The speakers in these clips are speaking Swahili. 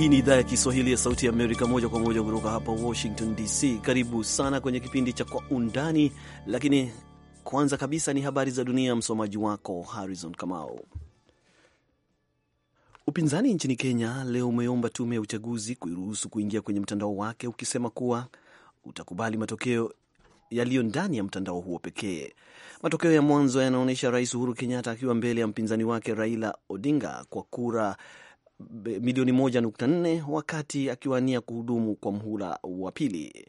Hii ni idhaa ya Kiswahili ya Sauti ya Amerika, moja kwa moja kutoka hapa Washington DC. Karibu sana kwenye kipindi cha Kwa Undani, lakini kwanza kabisa ni habari za dunia. Msomaji wako Harrison Kamau. Upinzani nchini Kenya leo umeomba tume ya uchaguzi kuiruhusu kuingia kwenye mtandao wake, ukisema kuwa utakubali matokeo yaliyo ndani ya mtandao huo pekee. Matokeo ya mwanzo yanaonyesha Rais Uhuru Kenyatta akiwa mbele ya mpinzani wake Raila Odinga kwa kura milioni moja nukta nne wakati akiwania kuhudumu kwa mhula wa pili,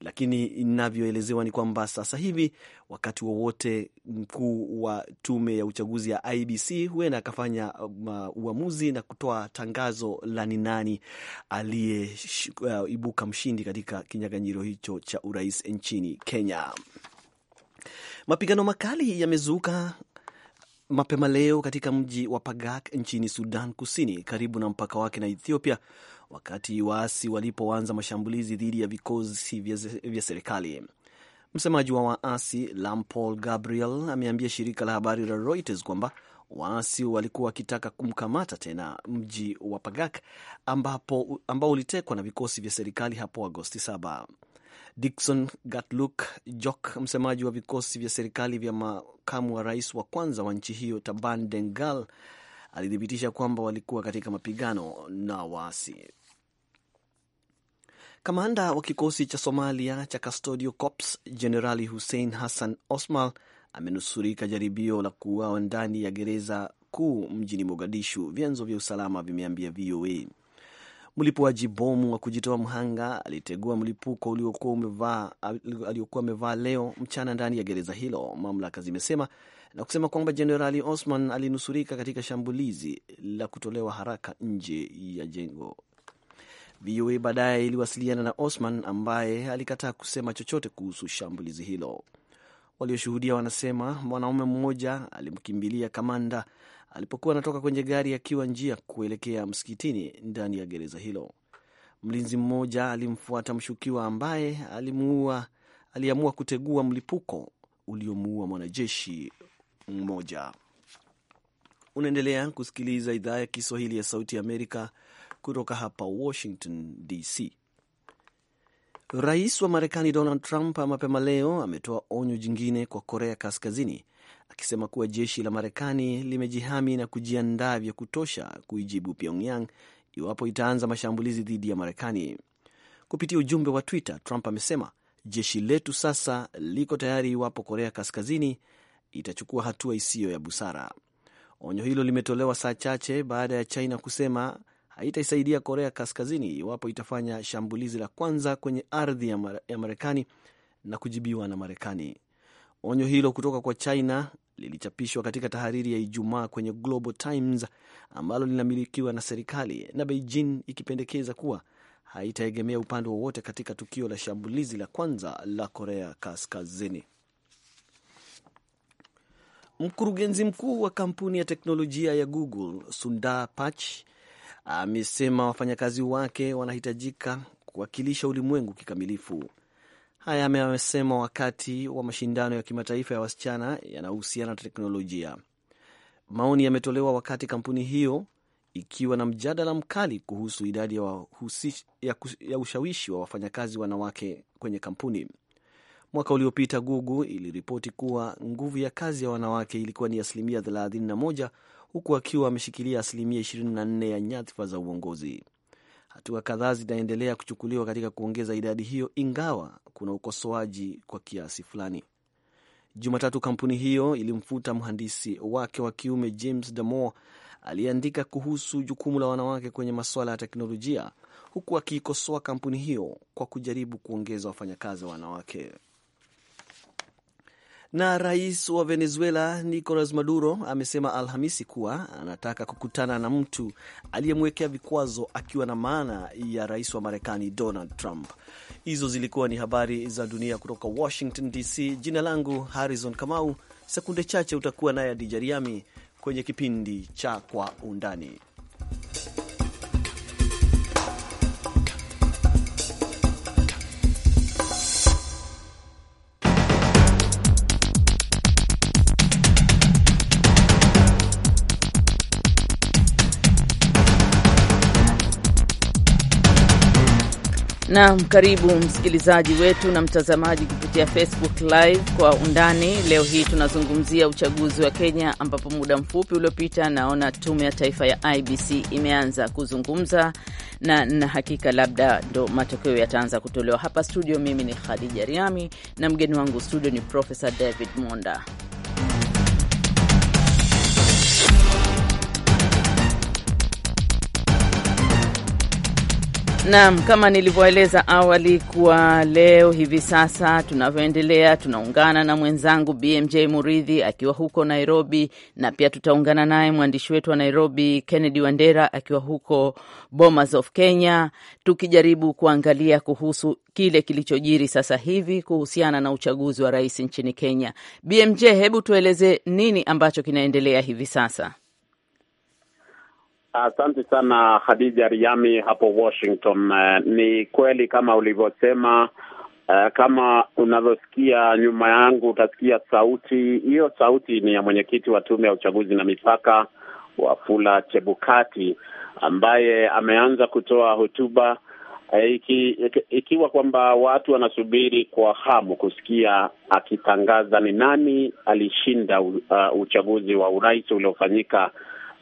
lakini inavyoelezewa ni kwamba sasa hivi wakati wowote wa mkuu wa tume ya uchaguzi ya IBC huenda akafanya uamuzi na kutoa tangazo la ni nani aliyeibuka uh, mshindi katika kinyang'anyiro hicho cha urais nchini Kenya. Mapigano makali yamezuka mapema leo katika mji wa Pagak nchini Sudan Kusini, karibu na mpaka wake na Ethiopia, wakati waasi walipoanza mashambulizi dhidi ya vikosi vya serikali. Msemaji wa waasi Lampol Gabriel ameambia shirika la habari la Reuters kwamba waasi walikuwa wakitaka kumkamata tena mji wa Pagak ambapo, ambao ulitekwa na vikosi vya serikali hapo Agosti 7 dikson Gatluk Jok, msemaji wa vikosi vya serikali vya makamu wa rais wa kwanza wa nchi hiyo Taban Dengal, alithibitisha kwamba walikuwa katika mapigano na waasi. Kamanda wa kikosi cha Somalia cha Custodio Corps Jenerali Hussein Hassan Osmal amenusurika jaribio la kuuawa ndani ya gereza kuu mjini Mogadishu, vyanzo vya usalama vimeambia VOA. Mlipuaji bomu wa kujitoa mhanga alitegua mlipuko aliokuwa amevaa leo mchana ndani ya gereza hilo, mamlaka zimesema na kusema kwamba Jenerali Osman alinusurika katika shambulizi la kutolewa haraka nje ya jengo. VOA baadaye iliwasiliana na Osman ambaye alikataa kusema chochote kuhusu shambulizi hilo. Walioshuhudia wanasema mwanaume mmoja alimkimbilia kamanda alipokuwa anatoka kwenye gari akiwa njia kuelekea msikitini ndani ya gereza hilo. Mlinzi mmoja alimfuata mshukiwa ambaye alimuua, aliamua kutegua mlipuko uliomuua mwanajeshi mmoja. Unaendelea kusikiliza idhaa ya Kiswahili ya Sauti ya Amerika kutoka hapa Washington DC. Rais wa Marekani Donald Trump mapema leo ametoa onyo jingine kwa Korea Kaskazini akisema kuwa jeshi la Marekani limejihami na kujiandaa vya kutosha kuijibu Pyongyang iwapo itaanza mashambulizi dhidi ya Marekani. Kupitia ujumbe wa Twitter, Trump amesema jeshi letu sasa liko tayari iwapo Korea Kaskazini itachukua hatua isiyo ya busara. Onyo hilo limetolewa saa chache baada ya China kusema haitaisaidia Korea Kaskazini iwapo itafanya shambulizi la kwanza kwenye ardhi ya Marekani na kujibiwa na Marekani. Onyo hilo kutoka kwa China lilichapishwa katika tahariri ya Ijumaa kwenye Global Times ambalo linamilikiwa na serikali na Beijing ikipendekeza kuwa haitaegemea upande wowote katika tukio la shambulizi la kwanza la Korea Kaskazini. Mkurugenzi mkuu wa kampuni ya teknolojia ya Google Sundar Pichai amesema wafanyakazi wake wanahitajika kuwakilisha ulimwengu kikamilifu. Haya amesema wakati wa mashindano ya kimataifa ya wasichana yanayohusiana na teknolojia. Maoni yametolewa wakati kampuni hiyo ikiwa na mjadala mkali kuhusu idadi ya, ya, ya ushawishi wa wafanyakazi wanawake kwenye kampuni. Mwaka uliopita Google iliripoti kuwa nguvu ya kazi ya wanawake ilikuwa ni asilimia 31 huku akiwa ameshikilia asilimia 24 ya nyadhifa za uongozi. Hatua kadhaa zinaendelea kuchukuliwa katika kuongeza idadi hiyo, ingawa kuna ukosoaji kwa kiasi fulani. Jumatatu, kampuni hiyo ilimfuta mhandisi wake wa kiume James Damore aliyeandika kuhusu jukumu la wanawake kwenye masuala ya teknolojia, huku akiikosoa kampuni hiyo kwa kujaribu kuongeza wafanyakazi wanawake. Na rais wa Venezuela Nicolas Maduro amesema Alhamisi kuwa anataka kukutana na mtu aliyemwekea vikwazo, akiwa na maana ya rais wa Marekani Donald Trump. Hizo zilikuwa ni habari za dunia kutoka Washington DC. Jina langu Harrison Kamau. Sekunde chache utakuwa naye Adija Riami kwenye kipindi cha Kwa Undani. Naam, karibu msikilizaji wetu na mtazamaji kupitia Facebook Live kwa undani. Leo hii tunazungumzia uchaguzi wa Kenya, ambapo muda mfupi uliopita, naona tume ya taifa ya IBC imeanza kuzungumza na na hakika, labda ndo matokeo yataanza kutolewa hapa studio. Mimi ni Khadija Riami na mgeni wangu studio ni Profesa David Monda. Naam, kama nilivyoeleza awali kuwa leo hivi sasa tunavyoendelea, tunaungana na mwenzangu BMJ Muridhi akiwa huko Nairobi, na pia tutaungana naye mwandishi wetu wa Nairobi Kennedy Wandera akiwa huko Bomas of Kenya, tukijaribu kuangalia kuhusu kile kilichojiri sasa hivi kuhusiana na uchaguzi wa rais nchini Kenya. BMJ, hebu tueleze nini ambacho kinaendelea hivi sasa? Asante sana Khadija Riami hapo Washington. Eh, ni kweli kama ulivyosema, eh, kama unavyosikia nyuma yangu, utasikia sauti hiyo. Sauti ni ya mwenyekiti wa tume ya uchaguzi na mipaka Wafula Chebukati ambaye ameanza kutoa hotuba eh, iki, iki, ikiwa kwamba watu wanasubiri kwa hamu kusikia akitangaza ni nani alishinda uh, uchaguzi wa urais uliofanyika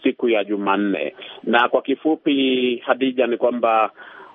siku ya Jumanne. Na kwa kifupi, Hadija, ni kwamba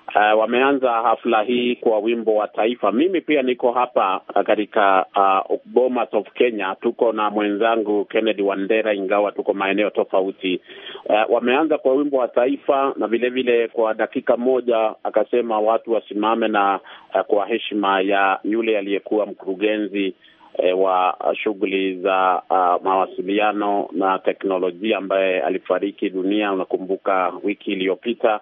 uh, wameanza hafla hii kwa wimbo wa taifa. Mimi pia niko hapa uh, katika uh, Bomas of Kenya, tuko na mwenzangu Kennedy Wandera, ingawa tuko maeneo tofauti. Uh, wameanza kwa wimbo wa taifa na vilevile vile kwa dakika moja akasema watu wasimame na uh, kwa heshima ya yule aliyekuwa mkurugenzi e, wa shughuli za uh, mawasiliano na teknolojia ambaye alifariki dunia, unakumbuka, wiki iliyopita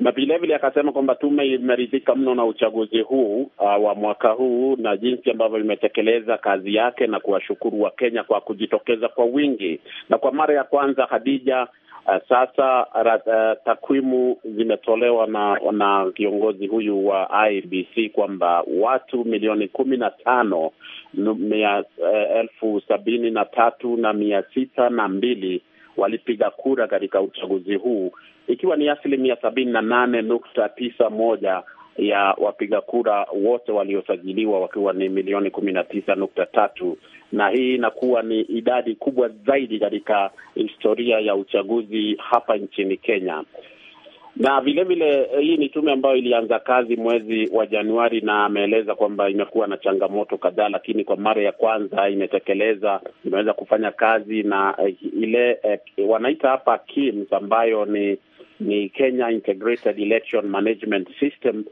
na vilevile akasema kwamba tume imeridhika mno na uchaguzi huu uh, wa mwaka huu na jinsi ambavyo imetekeleza kazi yake na kuwashukuru Wakenya kwa kujitokeza kwa wingi. Na kwa mara ya kwanza Khadija, Eh, sasa uh, takwimu zimetolewa na na kiongozi huyu wa IBC kwamba watu milioni kumi na tano mia eh, elfu sabini na tatu na mia sita na mbili walipiga kura katika uchaguzi huu ikiwa ni asilimia sabini na nane nukta tisa moja ya wapiga kura wote waliosajiliwa wakiwa ni milioni kumi na tisa nukta tatu na hii inakuwa ni idadi kubwa zaidi katika historia ya uchaguzi hapa nchini Kenya. Na vilevile vile, eh, hii ni tume ambayo ilianza kazi mwezi wa Januari, na ameeleza kwamba imekuwa na changamoto kadhaa, lakini kwa mara ya kwanza imetekeleza, imeweza kufanya kazi na eh, ile eh, wanaita hapa KIMS ambayo ni ni Kenya Integrated Election Management System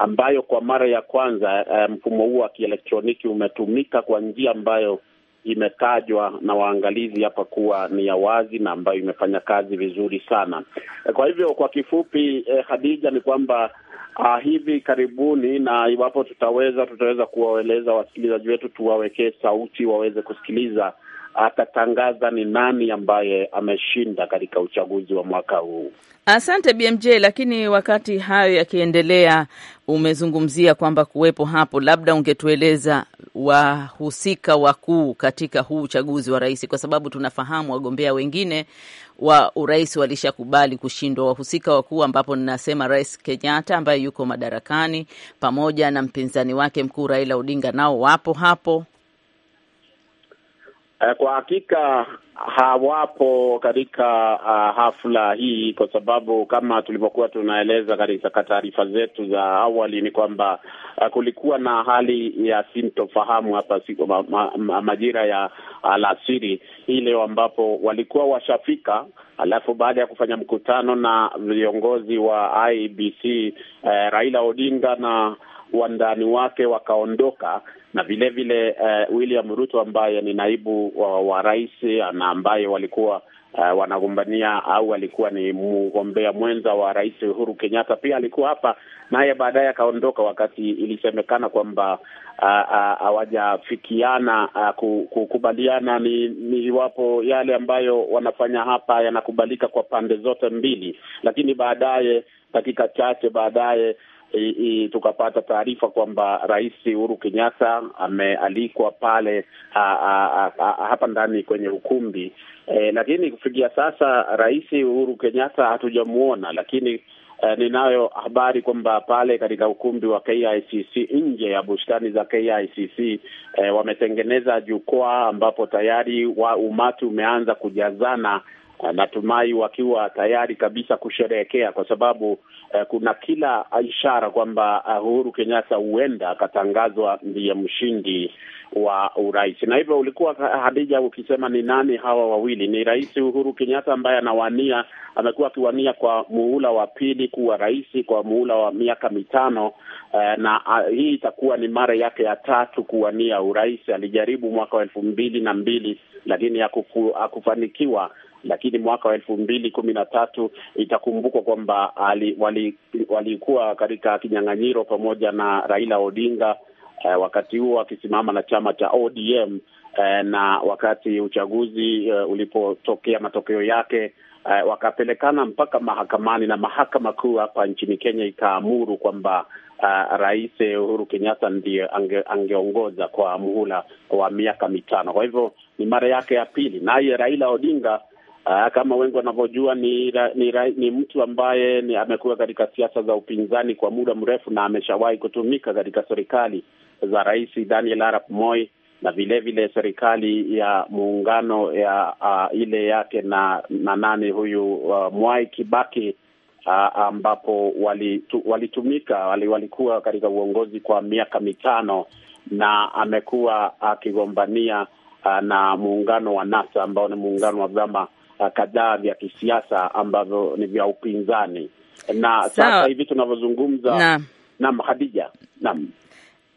ambayo kwa mara ya kwanza eh, mfumo huu huo wa kielektroniki umetumika kwa njia ambayo imetajwa na waangalizi hapa kuwa ni ya wazi na ambayo imefanya kazi vizuri sana. Eh, kwa hivyo kwa kifupi, eh, Hadija, ni kwamba ah, hivi karibuni na iwapo tutaweza tutaweza kuwaeleza wasikilizaji wetu, tuwawekee sauti waweze kusikiliza atatangaza ni nani ambaye ameshinda katika uchaguzi wa mwaka huu. Asante BMJ. Lakini wakati hayo yakiendelea, umezungumzia kwamba kuwepo hapo, labda ungetueleza wahusika wakuu katika huu uchaguzi wa rais, kwa sababu tunafahamu wagombea wengine wa urais walishakubali kushindwa. Wahusika wakuu ambapo ninasema Rais Kenyatta ambaye yuko madarakani pamoja na mpinzani wake mkuu Raila Odinga, nao wapo hapo Eh, kwa hakika hawapo katika uh, hafla hii kwa sababu kama tulivyokuwa tunaeleza katika taarifa zetu za awali ni kwamba uh, kulikuwa na hali ya sintofahamu hapa siku, ma, ma, majira ya alasiri hii leo ambapo walikuwa washafika, alafu baada ya kufanya mkutano na viongozi wa IBC uh, Raila Odinga na wandani wake wakaondoka, na vilevile vile, uh, William Ruto ambaye ni naibu wa, wa rais na ambaye walikuwa Uh, wanagombania au alikuwa ni mgombea mwenza wa Rais Uhuru Kenyatta, pia alikuwa hapa naye, baadaye akaondoka wakati ilisemekana kwamba hawajafikiana kukubaliana ni, ni iwapo yale ambayo wanafanya hapa yanakubalika kwa pande zote mbili, lakini baadaye dakika chache baadaye e, e, tukapata taarifa kwamba Rais Uhuru Kenyatta amealikwa pale a, a, a, a, hapa ndani kwenye ukumbi e, lakini kufikia sasa Rais Uhuru Kenyatta hatujamwona, lakini e, ninayo habari kwamba pale katika ukumbi wa KICC nje ya bustani za KICC e, wametengeneza jukwaa ambapo tayari wa umati umeanza kujazana Eh, natumai wakiwa tayari kabisa kusherehekea kwa sababu eh, kuna kila ishara kwamba eh, Uhuru Kenyatta huenda akatangazwa ndiye mshindi wa urais. Na hivyo ulikuwa eh, Hadija ukisema ni nani hawa wawili? Ni Rais Uhuru Kenyatta ambaye anawania, amekuwa akiwania kwa muhula wa pili kuwa rais kwa muhula wa miaka mitano eh, na uh, hii itakuwa ni mara yake ya tatu kuwania urais. Alijaribu mwaka wa elfu mbili na mbili lakini hakufanikiwa lakini mwaka wa elfu mbili kumi na tatu itakumbukwa kwamba walikuwa wali katika kinyang'anyiro pamoja na Raila Odinga eh, wakati huo akisimama na chama cha ODM eh, na wakati uchaguzi eh, ulipotokea matokeo yake eh, wakapelekana mpaka mahakamani na mahakama kuu hapa nchini Kenya ikaamuru kwamba Uh, Rais Uhuru Kenyatta ndiye ange, angeongoza kwa muhula wa miaka mitano. Kwa hivyo ni mara yake ya pili, naye Raila Odinga Aa, ah, kama wengi wanavyojua ni, ni, ni mtu ambaye ni, amekuwa katika siasa za upinzani kwa muda mrefu na ameshawahi kutumika katika serikali za Rais Daniel Arap Moi na vilevile vile serikali ya muungano ya uh, ile yake na, na nani huyu uh, Mwai Kibaki uh, ambapo walitumika walitumika wali, walikuwa katika uongozi kwa miaka mitano na amekuwa akigombania uh, na muungano wa NASA ambao ni muungano wa vyama kadhaa vya kisiasa ambavyo ni vya upinzani na so, sasa hivi tunavyozungumza na, na Hadija, nam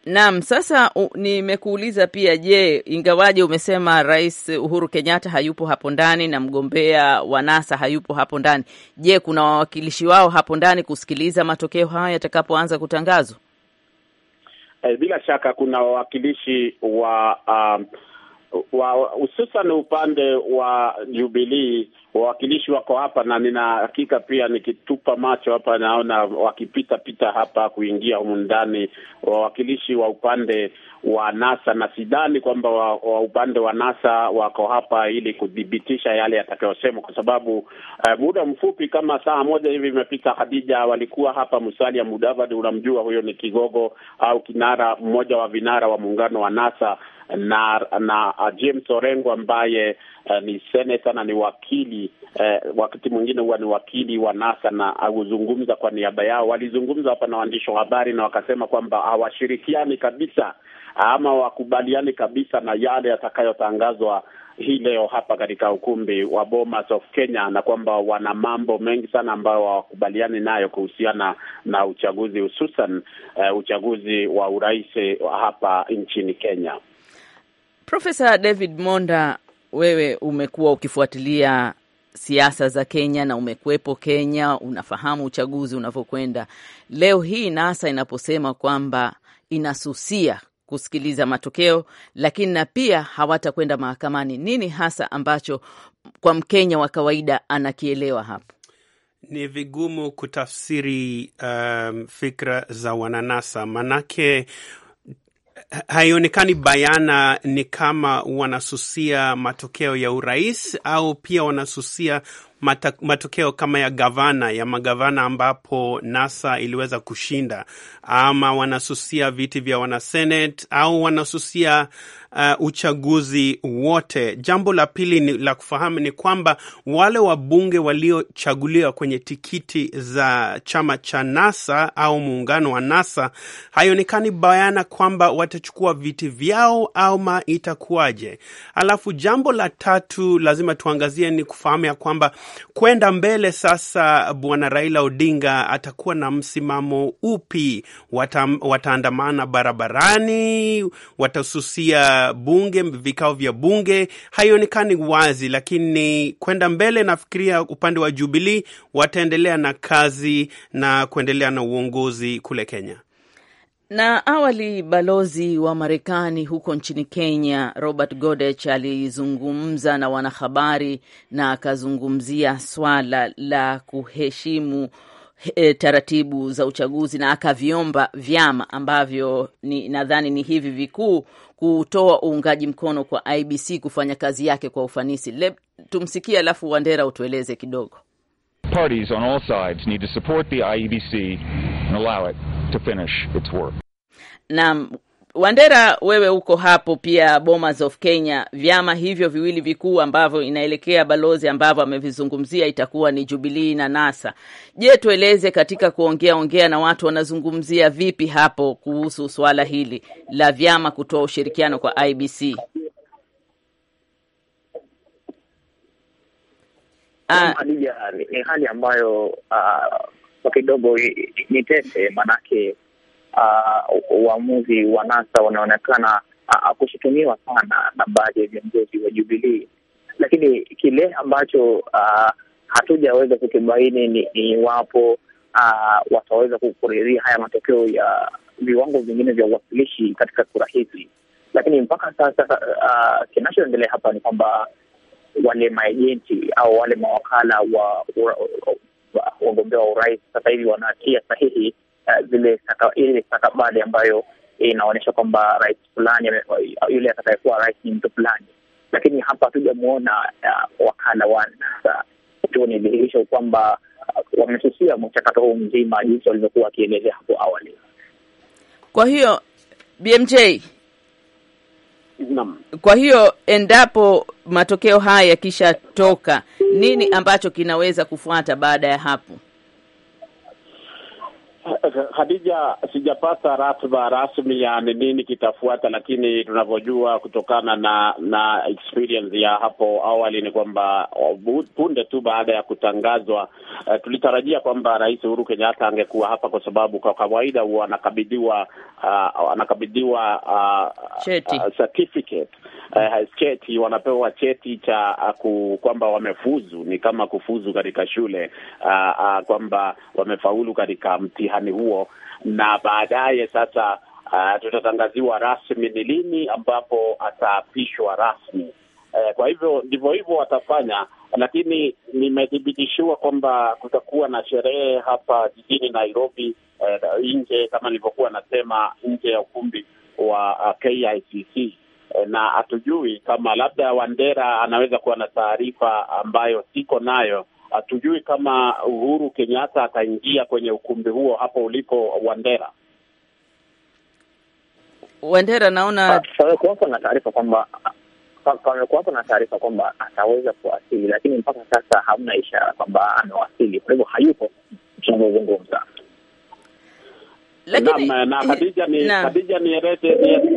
Naam, sasa nimekuuliza pia, je, ingawaje umesema Rais Uhuru Kenyatta hayupo hapo ndani na mgombea wa NASA hayupo hapo ndani, je, kuna wawakilishi wao hapo ndani kusikiliza matokeo haya yatakapoanza kutangazwa? E, bila shaka kuna wawakilishi wa um, hususan upande wa Jubilii wawakilishi wako hapa na nina hakika pia, nikitupa macho hapa naona wakipita pita hapa kuingia humu ndani wawakilishi wa upande wa NASA, na sidhani kwamba wa, wa upande wa NASA wako hapa ili kudhibitisha yale yatakayosemwa, kwa sababu uh, muda mfupi kama saa moja hivi imepita, Khadija, walikuwa hapa Musalia Mudavadi, unamjua huyo ni kigogo au kinara mmoja wa vinara wa muungano wa NASA, na na uh, James Orengo ambaye uh, ni seneta na ni wakili uh, wakati mwingine huwa ni wakili wa NASA na huzungumza kwa niaba yao. Walizungumza hapa na waandishi wa habari na wakasema kwamba hawashirikiani kabisa ama wakubaliani kabisa na yale yatakayotangazwa hii leo hapa katika ukumbi wa Bomas of Kenya, na kwamba wana mambo mengi sana ambayo hawakubaliani nayo kuhusiana na uchaguzi hususan uh, uchaguzi wa urais hapa nchini Kenya. Profesa David Monda, wewe umekuwa ukifuatilia siasa za Kenya na umekuwepo Kenya, unafahamu uchaguzi unavyokwenda. Leo hii NASA inaposema kwamba inasusia kusikiliza matokeo, lakini na pia hawatakwenda mahakamani, nini hasa ambacho kwa Mkenya wa kawaida anakielewa hapo? Ni vigumu kutafsiri um, fikra za wananasa manake haionekani bayana ni kama wanasusia matokeo ya urais au pia wanasusia matokeo kama ya gavana ya magavana ambapo NASA iliweza kushinda, ama wanasusia viti vya wanasenate au wanasusia uh, uchaguzi wote. Jambo la pili ni, la kufahamu ni kwamba wale wabunge waliochaguliwa kwenye tikiti za chama cha NASA au muungano wa NASA haionekani bayana kwamba watachukua viti vyao ama itakuwaje. Alafu jambo la tatu lazima tuangazie ni kufahamu ya kwamba kwenda mbele sasa, bwana Raila Odinga atakuwa na msimamo upi? Wata, wataandamana barabarani, watasusia bunge, vikao vya bunge? Haionekani wazi, lakini kwenda mbele, nafikiria upande wa jubilii wataendelea na kazi na kuendelea na uongozi kule Kenya. Na awali balozi wa Marekani huko nchini Kenya Robert Godech alizungumza na wanahabari na akazungumzia swala la kuheshimu E, taratibu za uchaguzi na akaviomba vyama ambavyo ni, nadhani ni hivi vikuu kutoa uungaji mkono kwa IBC kufanya kazi yake kwa ufanisi. Le, tumsikie alafu Wandera utueleze kidogo. Parties on all sides need to support the IEBC and allow it to finish its work. Naam, Wandera, wewe uko hapo pia Bomas of Kenya. Vyama hivyo viwili vikuu ambavyo inaelekea balozi ambavyo amevizungumzia itakuwa ni jubilii na NASA. Je, tueleze katika kuongea ongea na watu wanazungumzia vipi hapo kuhusu swala hili la vyama kutoa ushirikiano kwa IBC? Ah, ni hali ambayo ah, kwa kidogo ni tete, maanake uh, wa NASA wanaonekana uh, kushutumiwa sana na baadhi ya viongozi wa Jubilii, lakini kile ambacho uh, hatujaweza kukibaini ni iwapo uh, wataweza kukuridhia haya matokeo ya viwango vingine vya uwakilishi katika kura hizi. Lakini mpaka sasa kinachoendelea hapa ni kwamba wale maejenti au wale mawakala wa wagombea wa urais sasa hivi wanatia sahihi Eh, zile ile stakabadhi ambayo eh, inaonyesha kwamba rais fulani yule atakayekuwa rais ni mtu fulani, lakini hapa hatujamwona uh, eh, wakala wa NASA. Tu ni kwamba uh, wamesusia mchakato huu mzima jinsi walivyokuwa wakielezea hapo awali. Kwa hiyo BMJ Nam. Kwa hiyo endapo matokeo haya yakishatoka, nini ambacho kinaweza kufuata baada ya hapo? Khadija, sijapata ratiba rasmi ya ni nini kitafuata, lakini tunavyojua kutokana na na experience ya hapo awali ni kwamba punde tu baada ya kutangazwa, uh, tulitarajia kwamba Rais Uhuru Kenyatta angekuwa hapa, kwa sababu kwa kawaida huwa anakabidhiwa uh, anakabidhiwa uh, cheti uh, certificate uh, cheti, wanapewa cheti cha uh, kwamba wamefuzu, ni kama kufuzu katika shule uh, uh, kwamba wamefaulu katika mtihani mtihani huo, na baadaye sasa uh, tutatangaziwa rasmi ni lini ambapo ataapishwa rasmi. Uh, kwa hivyo ndivyo hivyo watafanya, lakini nimethibitishiwa kwamba kutakuwa na sherehe hapa jijini Nairobi, uh, nje kama nilivyokuwa nasema, nje ya ukumbi wa uh, KICC eh, na hatujui kama labda Wandera anaweza kuwa na taarifa ambayo siko nayo Hatujui kama Uhuru Kenyatta ataingia kwenye ukumbi huo hapo ulipo Wandera. Wandera, naona pamekuwapo na taarifa kwamba pamekuwapo na taarifa kwamba ataweza kuwasili, lakini mpaka sasa hamna ishara kwamba amewasili. Kwa hivyo hayupo tunavyozungumza. Lakini na, na eh, Khadija ni Khadija nieleze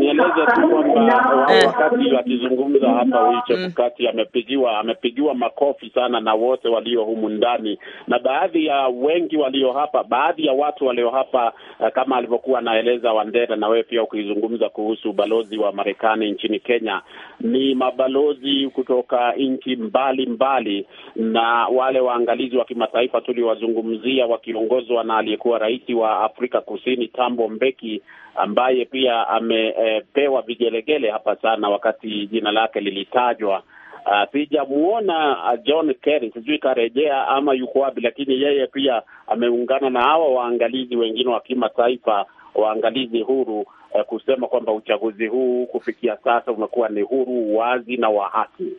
nieleze tu kwamba wakati eh. wakizungumza hapa Wiche mm. amepigiwa amepigiwa makofi sana na wote walio humu ndani na baadhi ya wengi walio hapa, baadhi ya watu walio hapa uh, kama alivyokuwa anaeleza Wandera na wewe pia ukizungumza kuhusu ubalozi wa Marekani nchini Kenya, ni mabalozi kutoka nchi mbalimbali na wale waangalizi wa kimataifa tuliwazungumzia wakiongozwa na aliyekuwa rais wa Afrika Kusini kusini Tambo Mbeki ambaye pia amepewa e, vigelegele hapa sana wakati jina lake lilitajwa. Ah, sijamuona ah, John Kerry, sijui karejea ama yuko wapi, lakini yeye pia ameungana na hawa waangalizi wengine wa kimataifa, waangalizi huru e, kusema kwamba uchaguzi huu kufikia sasa umekuwa ni huru, wazi na wa haki.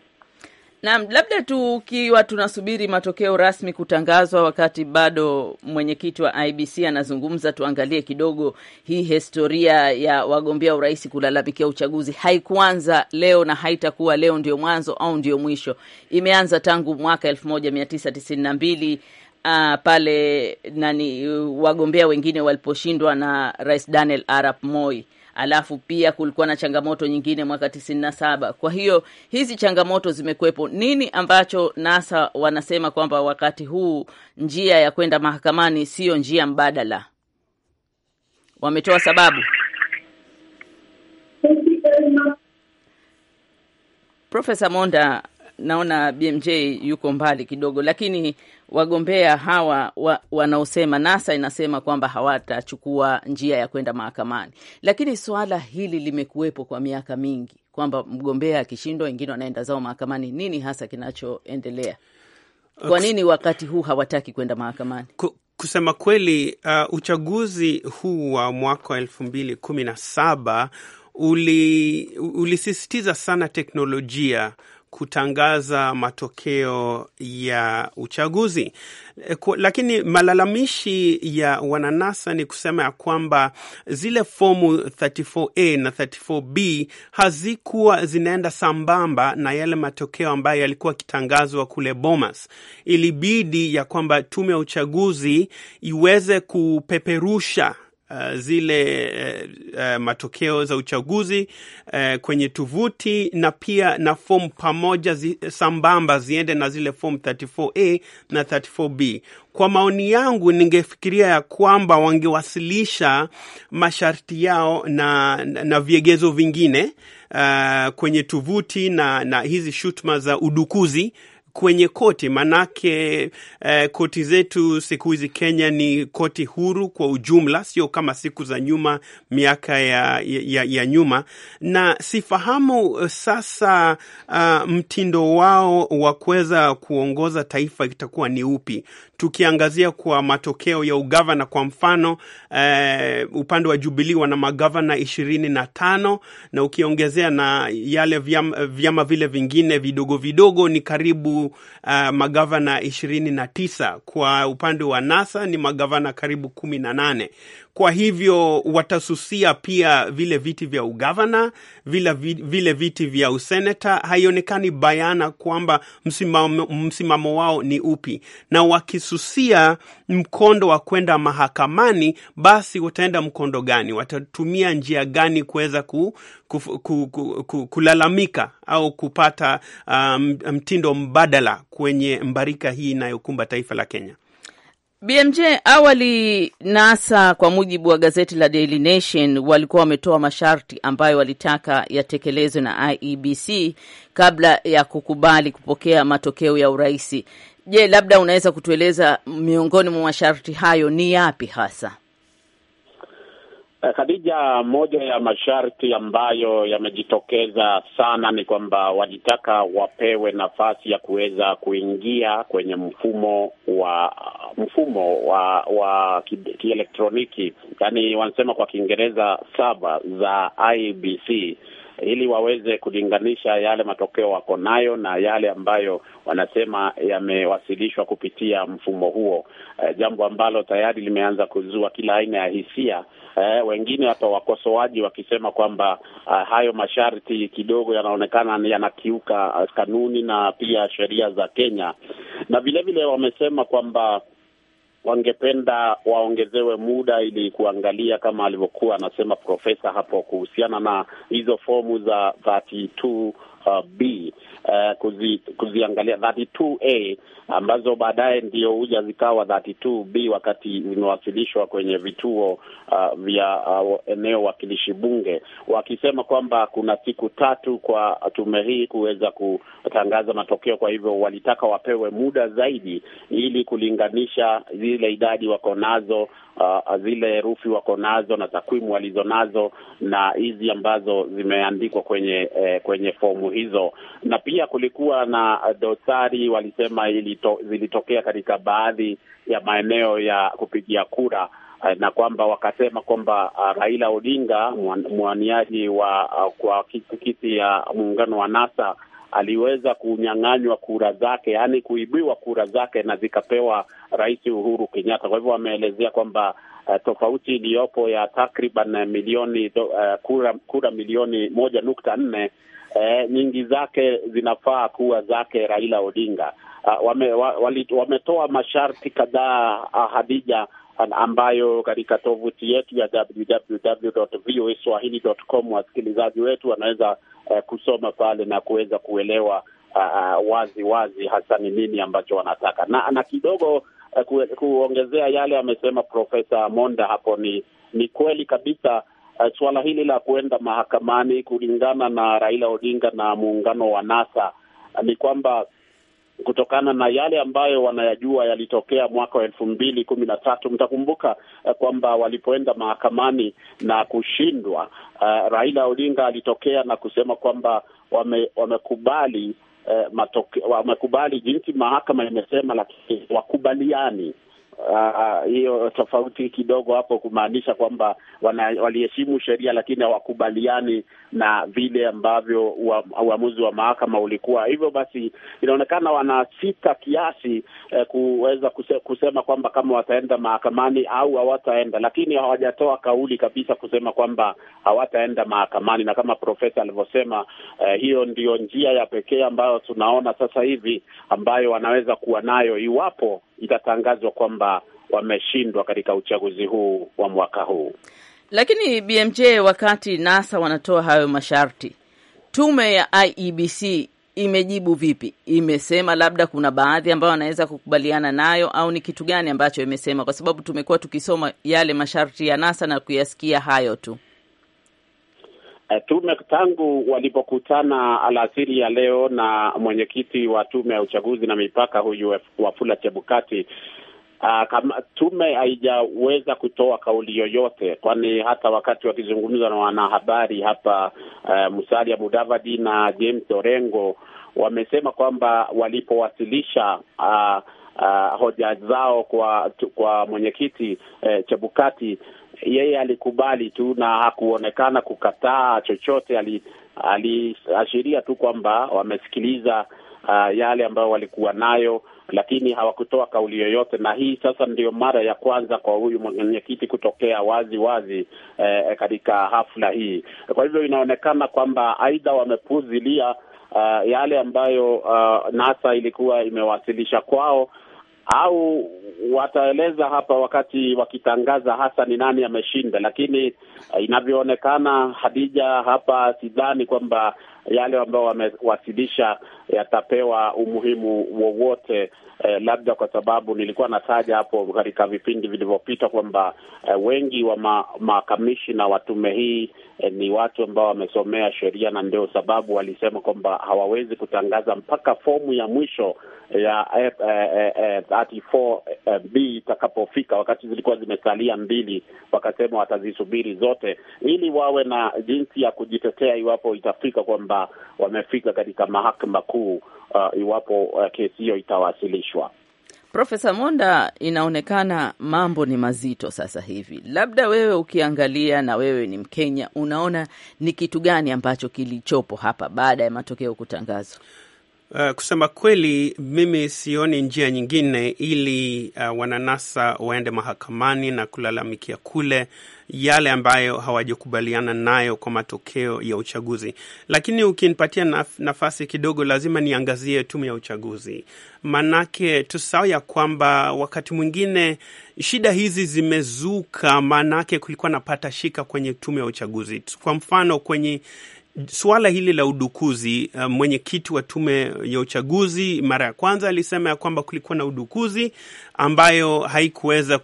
Naam, labda tukiwa tunasubiri matokeo rasmi kutangazwa, wakati bado mwenyekiti wa IBC anazungumza, tuangalie kidogo hii historia ya wagombea urais kulalamikia uchaguzi. Haikuanza leo na haitakuwa leo ndio mwanzo au ndio mwisho. Imeanza tangu mwaka mbili Uh, pale nani wagombea wengine waliposhindwa na Rais Daniel Arap Moi alafu pia kulikuwa na changamoto nyingine mwaka tisini na saba. Kwa hiyo hizi changamoto zimekuwepo. Nini ambacho NASA wanasema kwamba wakati huu njia ya kwenda mahakamani siyo njia mbadala? Wametoa sababu. Profesa Monda, naona BMJ yuko mbali kidogo, lakini wagombea hawa wa, wanaosema NASA inasema kwamba hawatachukua njia ya kwenda mahakamani, lakini suala hili limekuwepo kwa miaka mingi kwamba mgombea akishindwa, wengine wanaenda zao mahakamani. Nini hasa kinachoendelea? Kwa nini wakati huu hawataki kwenda mahakamani? Kusema kweli, uh, uchaguzi huu wa mwaka wa elfu mbili kumi na saba ulisisitiza uli sana teknolojia kutangaza matokeo ya uchaguzi. Eh, lakini malalamishi ya wananasa ni kusema ya kwamba zile fomu 34A na 34B hazikuwa zinaenda sambamba na yale matokeo ambayo yalikuwa akitangazwa kule Bomas. Ilibidi ya kwamba tume ya uchaguzi iweze kupeperusha uh, zile uh, matokeo za uchaguzi uh, kwenye tuvuti na pia na fomu pamoja zi, sambamba ziende na zile fomu 34A na 34B. Kwa maoni yangu, ningefikiria ya kwamba wangewasilisha masharti yao na, na, na viegezo vingine uh, kwenye tuvuti na, na hizi shutuma za udukuzi kwenye koti manake, eh, koti zetu siku hizi Kenya ni koti huru kwa ujumla, sio kama siku za nyuma, miaka ya, ya, ya nyuma, na sifahamu eh, sasa uh, mtindo wao wa kuweza kuongoza taifa itakuwa ni upi, tukiangazia kwa matokeo ya ugavana kwa mfano eh, upande wa jubilii wana magavana ishirini na tano na ukiongezea na yale vyama, vyama vile vingine vidogo vidogo ni karibu uh, magavana ishirini na tisa. Kwa upande wa NASA ni magavana karibu kumi na nane. Kwa hivyo watasusia pia vile viti vya ugavana, vile, vile viti vya useneta. Haionekani bayana kwamba msimamo, msimamo wao ni upi, na wakisusia mkondo wa kwenda mahakamani, basi wataenda mkondo gani? Watatumia njia gani kuweza ku, ku, ku, ku, ku, kulalamika au kupata um, mtindo mbadala kwenye mbarika hii inayokumba taifa la Kenya? BMJ awali, NASA kwa mujibu wa gazeti la Daily Nation walikuwa wametoa masharti ambayo walitaka yatekelezwe na IEBC kabla ya kukubali kupokea matokeo ya uraisi. Je, labda unaweza kutueleza miongoni mwa masharti hayo ni yapi hasa? Eh, Khadija, moja ya masharti ambayo yamejitokeza sana ni kwamba walitaka wapewe nafasi ya kuweza kuingia kwenye mfumo wa mfumo wa wa kielektroniki yani wanasema kwa Kiingereza saba za IBC ili waweze kulinganisha yale matokeo wako nayo na yale ambayo wanasema yamewasilishwa kupitia mfumo huo, uh, jambo ambalo tayari limeanza kuzua kila aina ya hisia uh, wengine hapa wakosoaji wakisema kwamba uh, hayo masharti kidogo yanaonekana yanakiuka kanuni na pia sheria za Kenya, na vilevile wamesema kwamba wangependa waongezewe muda ili kuangalia kama alivyokuwa anasema profesa hapo kuhusiana na hizo fomu za 32 B uh, kuzi, kuziangalia 32A ambazo baadaye ndio huja zikawa 32B wakati zimewasilishwa kwenye vituo uh, vya uh, eneo wakilishi bunge, wakisema kwamba kuna siku tatu kwa tume hii kuweza kutangaza matokeo. Kwa hivyo walitaka wapewe muda zaidi ili kulinganisha zile idadi wako nazo uh, zile herufi wako nazo na takwimu walizo nazo na hizi ambazo zimeandikwa kwenye eh, kwenye fomu hizo, na pia kulikuwa na dosari walisema ilito, zilitokea katika baadhi ya maeneo ya kupigia kura eh, na kwamba wakasema kwamba uh, Raila Odinga mwaniaji wa uh, kwa tikiti ya muungano wa NASA aliweza kunyang'anywa kura zake, yaani kuibiwa kura zake na zikapewa Rais Uhuru Kenyatta. Kwa hivyo wameelezea kwamba uh, tofauti iliyopo ya takriban eh, milioni do, uh, kura, kura milioni moja nukta nne eh, nyingi zake zinafaa kuwa zake Raila Odinga. Uh, wame, wa, wametoa masharti kadhaa uh, Hadija ambayo katika tovuti yetu ya www.voaswahili.com wasikilizaji wetu wanaweza uh, kusoma pale na kuweza kuelewa uh, wazi wazi hasa ni nini ambacho wanataka na, na kidogo uh, kuongezea yale amesema Profesa Monda hapo, ni, ni kweli kabisa uh, suala hili la kuenda mahakamani kulingana na Raila Odinga na muungano wa NASA uh, ni kwamba kutokana na yale ambayo wanayajua yalitokea mwaka wa elfu mbili kumi na tatu. Mtakumbuka uh, kwamba walipoenda mahakamani na kushindwa uh, Raila Odinga alitokea na kusema kwamba wame, wamekubali uh, matoke, wamekubali jinsi mahakama imesema, lakini wakubaliani Ah, ah, hiyo uh, tofauti kidogo hapo kumaanisha kwamba waliheshimu sheria lakini hawakubaliani na vile ambavyo uamuzi wa mahakama ulikuwa. Hivyo basi inaonekana wanasita kiasi eh, kuweza kuse, kusema kwamba kama wataenda mahakamani au hawataenda, lakini hawajatoa kauli kabisa kusema kwamba hawataenda mahakamani. Na kama profesa alivyosema, eh, hiyo ndiyo njia ya pekee ambayo tunaona sasa hivi ambayo wanaweza kuwa nayo iwapo itatangazwa kwamba wameshindwa katika uchaguzi huu wa mwaka huu. Lakini BMJ, wakati NASA wanatoa hayo masharti, tume ya IEBC imejibu vipi? Imesema labda kuna baadhi ambayo wanaweza kukubaliana nayo, au ni kitu gani ambacho imesema? Kwa sababu tumekuwa tukisoma yale masharti ya NASA na kuyasikia hayo tu. Eh, tume tangu walipokutana alasiri ya leo na mwenyekiti wa tume ya uchaguzi na mipaka huyu Wafula Chebukati, uh, ah, kama tume haijaweza kutoa kauli yoyote, kwani hata wakati wakizungumza na wanahabari hapa uh, Musalia Mudavadi na James Orengo wamesema kwamba walipowasilisha uh, uh, hoja zao kwa, kwa mwenyekiti eh, Chebukati yeye alikubali tu na hakuonekana kukataa chochote, aliashiria ali tu kwamba wamesikiliza uh, yale ambayo walikuwa nayo lakini hawakutoa kauli yoyote, na hii sasa ndio mara ya kwanza kwa huyu mwenyekiti kutokea wazi wazi eh, katika hafla hii. Kwa hivyo inaonekana kwamba aidha wamepuzilia uh, yale ambayo uh, NASA ilikuwa imewasilisha kwao au wataeleza hapa wakati wakitangaza hasa ni nani ameshinda, lakini eh, inavyoonekana, Hadija, hapa sidhani kwamba yale ambayo wamewasilisha yatapewa umuhimu wowote eh, labda kwa sababu nilikuwa nataja hapo katika vipindi vilivyopita kwamba eh, wengi wa makamishi ma wa tume hii eh, ni watu ambao wamesomea sheria, na ndio sababu walisema kwamba hawawezi kutangaza mpaka fomu ya mwisho ya 34B eh, eh, eh, itakapofika, wakati zilikuwa zimesalia mbili, wakasema watazisubiri zote ili wawe na jinsi ya kujitetea iwapo itafika kwamba wamefika katika mahakama kuu mkuu uh, iwapo uh, kesi hiyo itawasilishwa. Profesa Monda, inaonekana mambo ni mazito sasa hivi. Labda wewe ukiangalia, na wewe ni Mkenya, unaona ni kitu gani ambacho kilichopo hapa baada ya matokeo kutangazwa? Uh, kusema kweli mimi sioni njia nyingine ili uh, wananasa waende mahakamani na kulalamikia kule yale ambayo hawajakubaliana nayo kwa matokeo ya uchaguzi. Lakini ukinipatia naf nafasi kidogo, lazima niangazie tume ya uchaguzi, manake tusahau ya kwamba wakati mwingine shida hizi zimezuka, maanake kulikuwa napata shika kwenye tume ya uchaguzi. Kwa mfano kwenye suala hili la udukuzi, uh, mwenyekiti wa tume ya uchaguzi mara ya kwanza alisema ya kwamba kulikuwa na udukuzi ambayo haikuweza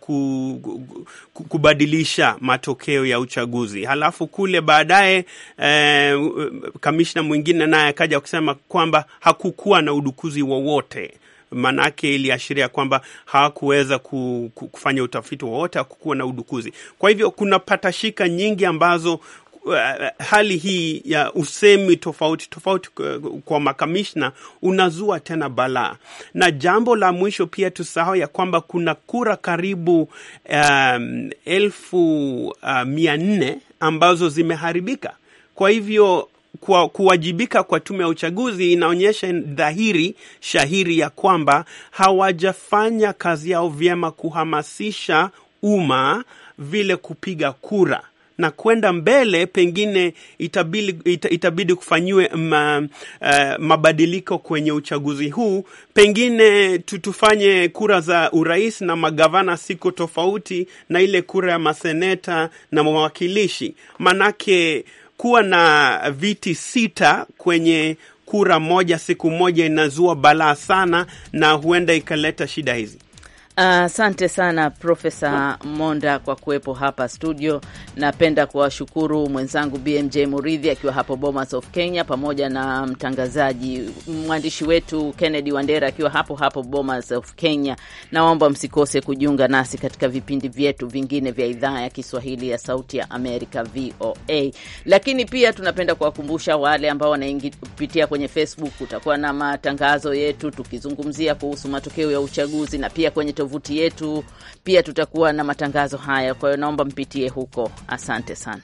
kubadilisha matokeo ya uchaguzi. Halafu kule baadaye eh, kamishna mwingine naye akaja kusema kwamba hakukuwa na udukuzi wowote maanake iliashiria kwamba hawakuweza kufanya utafiti wowote, hakukuwa na udukuzi. Kwa hivyo kuna patashika nyingi ambazo Eh, hali hii ya usemi tofauti tofauti kwa makamishna unazua tena balaa. Na jambo la mwisho pia tusahau ya kwamba kuna kura karibu um, elfu uh, mia nne ambazo zimeharibika. Kwa hivyo kwa kuwajibika kwa tume ya uchaguzi inaonyesha dhahiri shahiri ya kwamba hawajafanya kazi yao vyema kuhamasisha umma vile kupiga kura na kwenda mbele, pengine itabidi, itabidi kufanyiwe ma, uh, mabadiliko kwenye uchaguzi huu, pengine tutufanye kura za urais na magavana siku tofauti na ile kura ya maseneta na mawakilishi, manake kuwa na viti sita kwenye kura moja siku moja inazua balaa sana, na huenda ikaleta shida hizi. Asante uh, sana Profesa Monda kwa kuwepo hapa studio. Napenda kuwashukuru mwenzangu BMJ Muridhi akiwa hapo Bomas of Kenya, pamoja na mtangazaji mwandishi wetu Kennedy Wandera akiwa hapo hapo Bomas of Kenya. Naomba msikose kujiunga nasi katika vipindi vyetu vingine vya idhaa ya Kiswahili ya Sauti ya Amerika, VOA. Lakini pia tunapenda kuwakumbusha wale ambao wanapitia kwenye Facebook, utakuwa na matangazo yetu tukizungumzia kuhusu matokeo ya uchaguzi na pia kwenye tovuti yetu, pia tutakuwa na matangazo haya, kwa hiyo naomba mpitie huko. Asante sana.